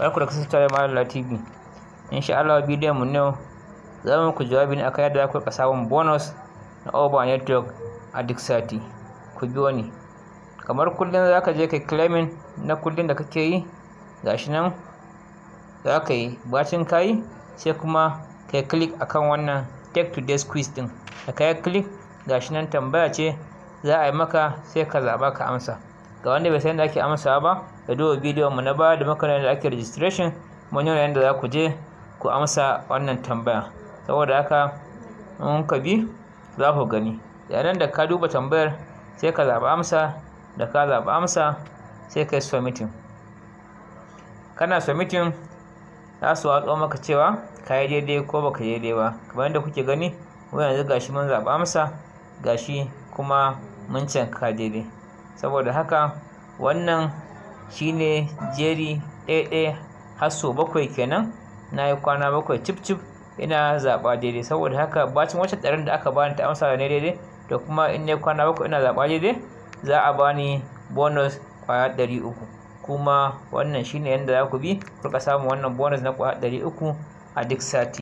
barku da kasancewa da malala tv insha Allah bidiyon mu ne za mu ku jawabi ne akan yadda za ku rika samun bonus na over network a duk sati ku biyo ni kamar kullum za ka je kai claiming na kullum da kake yi gashi nan za ka yi bacin kayi sai kuma kai click akan wannan take to desk quiz din da kai click gashi nan tambaya ce za a yi maka sai ka zaba ka amsa ga wanda bai san da ake amsa ba da duba bidiyon mu na baya da muka da ake registration mun yi yadda za ku je ku amsa wannan tambaya saboda haka in ka bi za ku gani yayin da ka duba tambayar sai ka zaɓi amsa da ka zaɓi amsa sai ka yi submitting kana submitting za su watsa maka cewa ka yi daidai ko baka yi daidai ba kamar yadda kuke gani mu yanzu gashi mun zaɓi amsa gashi kuma mun can ka daidai saboda haka wannan shine jeri ɗaya haso bakwai kenan na yi kwana bakwai cif-cif ina zaɓa daidai saboda haka bacin wacce ɗarin da aka bani ta amsa ne daidai da kuma in na kwana bakwai ina zaɓa daidai za a bani bonus kwaya ɗari uku kuma wannan shine yadda za ku bi kurka samun wannan bonus na kwaya ɗari uku a duk sati